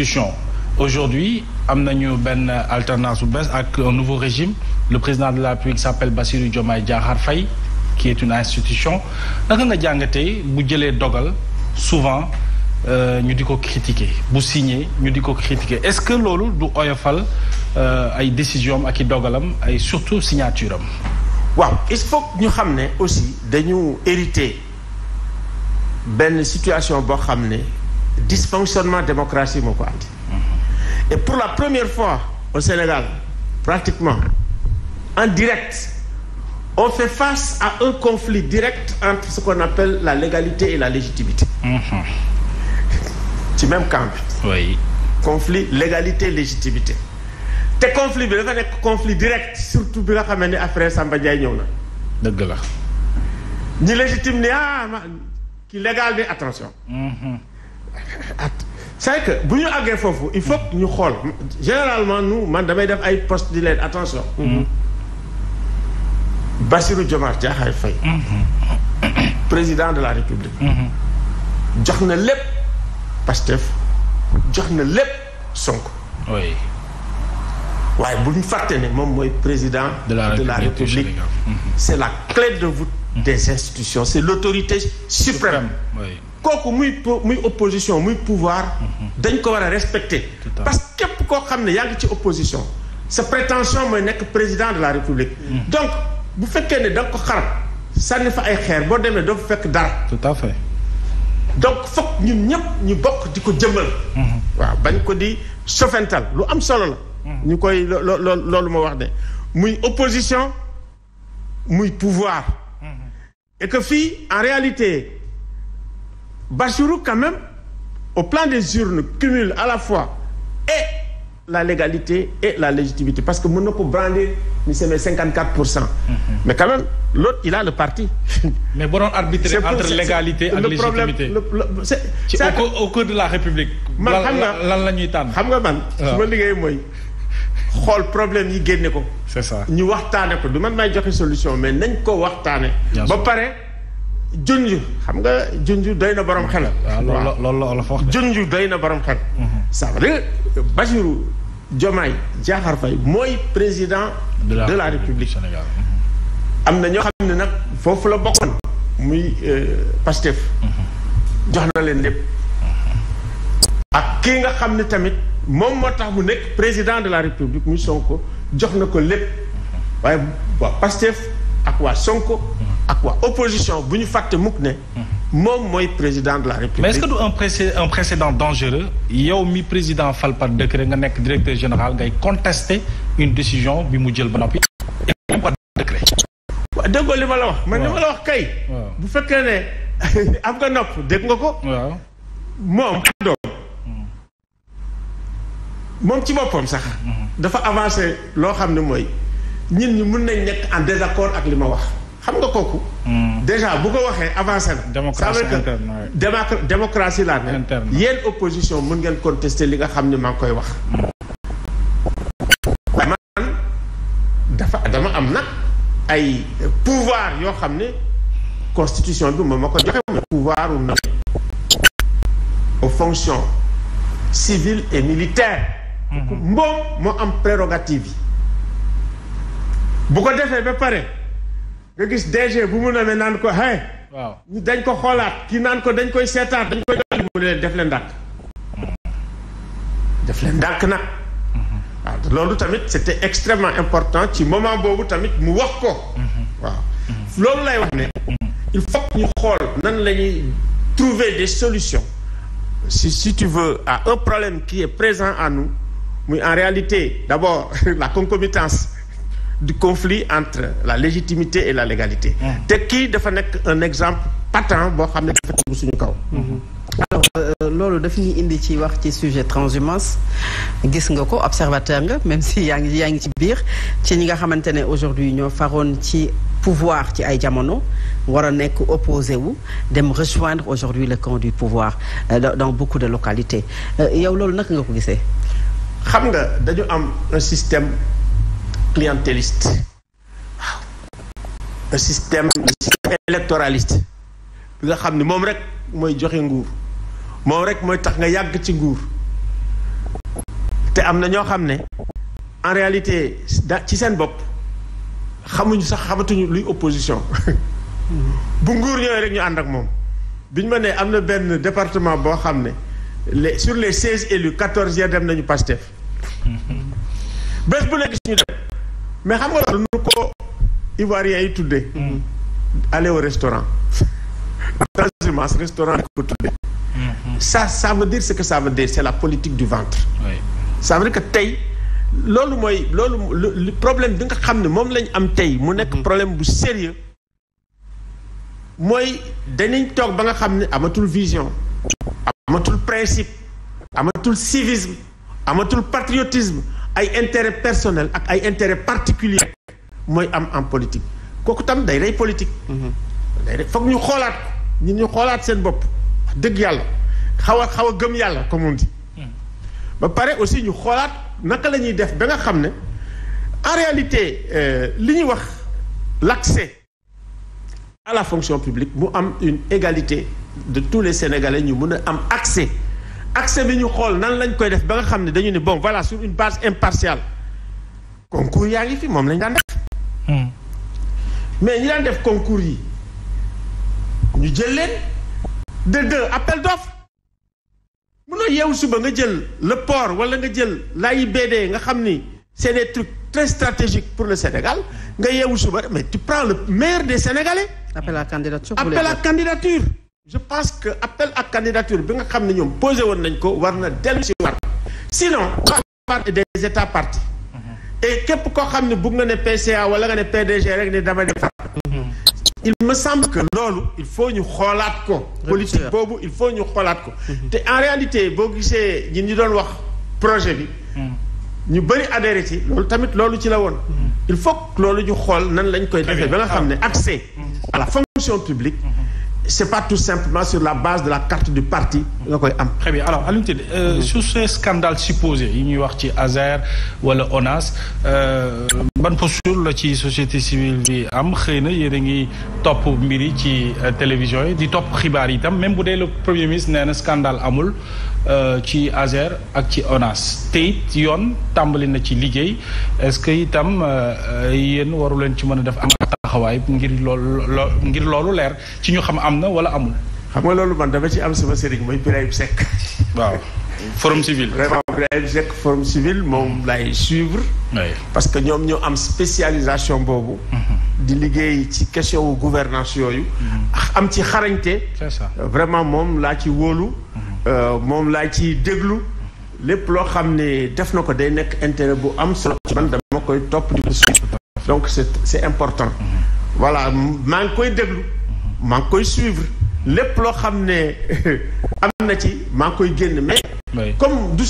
institution aujourd'hui am nañu benn alternance bu bees ak un nouveau régime le président de la République s'appelle Bassirou Diomaye Diakhar Faye qui est une institution naka nga jàngate bu jëlee dogal souvent euh, ñu di ko critiquer bu signé ñu di ko critiquer est-ce que loolu du oyofal euh, ay décision ak i dogalam ay surtout signature am waaw il faut ñu xam ne aussi dañu hérité benn situation boo xam ne dysfonctionnement démocratie moo ko andi. et pour la première fois au Sénégal pratiquement en direct on fait face à un conflit direct entre ce qu'on appelle la légalité et la légitimité. Mm-hmm. ci même camp bi. oui. conflit légalité légitimité. te conflit bi dafa nekk conflit direct surtout bi nga xam ne après Samba Ndiaye ñëw na. dëgg la. ñi légitime ni ah ki légal bi attention. Mm-hmm. c'est que bu ñu àggee foofu il faut ñu xool généralement nu man damay def ay poste di leen attention. Mhm. Bassirou Diomaye Diakhar Faye mhm. président de la République. Mhm. jox na lépp Pastef jox na lépp Sonko. oui. waaye bu ñu fàtte moom mooy président. de la de la République c'est la clé de voûte des institutions c'est l'autorité suprême. oui. kooku muy muy opposition muy pouvoir mhm. dañ ko war a respecter parce que képp koo xam ne yaa ngi ci opposition sa prétention mooy nekk président de la république mhm. donc bu fekkee ne da ko xarab sànni fa ay xeer boo demee doo fa fekk dara tout à fait donc foog ñun ñëpp ñu bokk di ko jëmbal mhm. waaw bañ ko di sofental lu am solo la ñu koy loo loolu ma wax ne muy opposition muy pouvoir et que fii en réalité Bachourou, quand même, au plan des urnes, cumule à la fois et la légalité et la légitimité. Parce que Monoko Brandé, c'est 54%. Mm -hmm. Mais quand même, l'autre, il a le parti. Mais bon, on arbitre entre légalité et légitimité. Problème, le, le, c est, c est au, au, cours de la République, man, la, la, ah. la, xool problème yi génne ko. c'est ça ñu waxtaane ko du man may joxe solution mais nañ ko waxtaane. ba pare. junj xam nga junj doy na boroom xel. Ah, waaw loolu la olof doy na borom xel. Mhm. ça veut dire Bassirou Diomaye Diakhar mooy président. de la de la République Sénégal. Mhm. am na ñoo xam ne nag foofu la bokkoon. muy euh, Pastef. Mhm. jox na leen lépp. ak kii nga xam ne tamit moom moo tax mu nekk président de la République muy Sonko jox na ko lépp waaye waa Pastef ak waa Sonko. ak waa opposition bu ñu fàtte mukk ne. moom mooy président de la république. mais est-ce que du un précé un précédent dangereux yow mi président fal par décret nga nekk directeur général ngay contester une décision bi mu jël ba noppi. même li ma la wax. man li ma la wax kay. bu fekkee ne am nga nopp dégg nga ko. moom mm-hmm. moom ci boppam sax. Mm-hmm. dafa avancé loo xam ne mooy ñun ñu mun nañ nekk en désaccord ak li ma wax. xam nga kooku. Hmm. déjà bu ko waxee avancé na. démocratie interne que démocratie laa ne. yéen opposition mën ngeen contester li nga xam ne maa ngi koy wax. Hmm. man dama am nag ay pouvoir yoo xam ne constitution bi moom ma ko joxe mooy pouvoir u nommé aux fonctions civiles et militaires. Hmm. moom moo am prérogative yi. bu ko defee ba pare. nga gis DG bu mu namee naan ko hey. waaw dañ ko xoolaat kii naan ko dañ koy seetaat dañ koy dolli mu ne leen def leen ndànk. Mm-hmm. def leen ndànk nag. Mm-hmm. waaw loolu tamit c'était extrêmement important ci moment boobu tamit mu wax ko. Mm-hmm. waaw loolu lay wax ne. il faut que ñu xool nan la ñuy trouver des solutions. si si tu veux à un problème qui est présent à nous muy en réalité d'abord la concomitance. du conflit entre la légitimité et la légalité. Ah. te kii dafa nekk un exemple patent boo xam ne dafa tegu suñu kaw. Mhm. alors euh, loolu daf ñuy indi ci wax ci sujet transhumance gis nga ko observateur nga même si yaa ngi yaa ngi ci biir ci ñi nga xamante ne aujourd'hui ñoo faroon ci pouvoir ci ay jamono war a nekk opposé wu dem rejoindre aujourd'hui le camp du pouvoir euh, dans beaucoup de localité euh, yow loolu naka nga ko gisee. xam nga dañu am un système. clientéliste waaw un système électoraliste bi nga xam ne moom rek mooy joxe nguur moom rek mooy tax nga yàgg ci nguur te am na ñoo xam ne en réalité da ci seen bopp xamuñu sax xamatuñu luy opposition bu nguur ñëwee rek ñu ànd ak moom biñ ma ne am na benn département boo xam ne les sur les seize élus quatorze ya dem nañu Pastef bés bu nekk suñu dem mais xam nga loolu nu ko Ivoiriens yi tuddee. Mm. aller au restaurant. transhumance restaurant la ko tuddee. Mm-hmm. ça ça veut dire ce que ça veut c'est la politique du ventre. oui ça que tey loolu mooy loolu problème bi nga xam ne moom lañ am tey mu nekk mm-hmm. problème bu sérieux mooy dañuy toog ba nga xam ne amatul vision amatul principe amatul civisme amatul patriotisme. ay intérêt personnel ak ay intérêt particulier mooy am en politique kooku tam day rey politique mm-hmm. day foog ñu xoolaat ñi ñu xoolaat seen bopp dëgg yàlla xaw a xaw a gëm yàlla comme on dit mm. ba pare aussi ñu xoolaat naka la ñuy def ba nga xam ne en réalité euh, li ñuy wax l'accès à la fonction publique mu am une égalité de tous les Sénégalais ñu mën a am accès accès bi ñu xool nan lañ koy def ba nga xam ne dañu ne bon voilà sur une base impartiale concours yaa ngi fi moom lañ daan def hmm. mais ñu daan def concours yi ñu jël leen de deux appel d'offre mënoo yeewu suba nga jël le port wala nga jël l'AIBD nga xam ni c'est des trucs très pour le Sénégal nga yeewu suba mais tu prends le meilleur des Sénégalais appel à candidature appel à candidature je pense que appel ak candidature bi nga xam ne ñoom posé woon nañ ko war na dellu si war sinon part des états partis mhm. et képp koo xam ne bugg nga ne PCA wala nga ne PDG rek ne dama defar mhm. il me semble que loolu il faut ñu xoolaat ko politique boobu il faut ñu xoolaat ko mhm. te en réalité boo gisee ñi ñu doon wax projet bi ñu bëri adhéré ci loolu tamit loolu ci la woon il faut loolu ñu xool nan lañ koy defee ba nga xam ne ah. accès à la fonction publique c'est pas tout simplement sur la base de la carte du parti nga koy am. très bien alors Alioune Tine euh, mm-hmm. yi ñuy wax ci ASER wala ONAS euh, ban posture la ci société civile bi am xëy na yéen a ngi topp mbir yi ci euh, télévision yi di topp xibaar yi itam même bu dee le premier ministre nee na scandale amul ci ASER ak ci ONAS te it yoon tàmbali na ci liggéey est-ce que itam yéen waru leen ci mën a def am. taxawaay ngir loolu ngir loolu leer ci ñu xam am na wala amul. xam nga loolu man dafa ci am sama sëriñ mooy Birahim Seck. waaw forum civil. vraiment Birahim Seck forum civil moom lay suivre. parce que ñoom ñoo am spécialisation boobu. Mhm. di liggéey ci question wu gouvernance yooyu. Mhm. am ci xarañte. c'est vraiment moom laa ci wóolu. Mhm. Euh, moom laa ci déglu. lépp loo xam ne def na ko day nekk intérêt bu am solo ci man dama koy topp di ko suivre. donc c' est c' est important. voilà maa ngi koy déglu. maa ngi koy suivre lépp loo xam ne am na ci maa ngi koy génn mais. comme du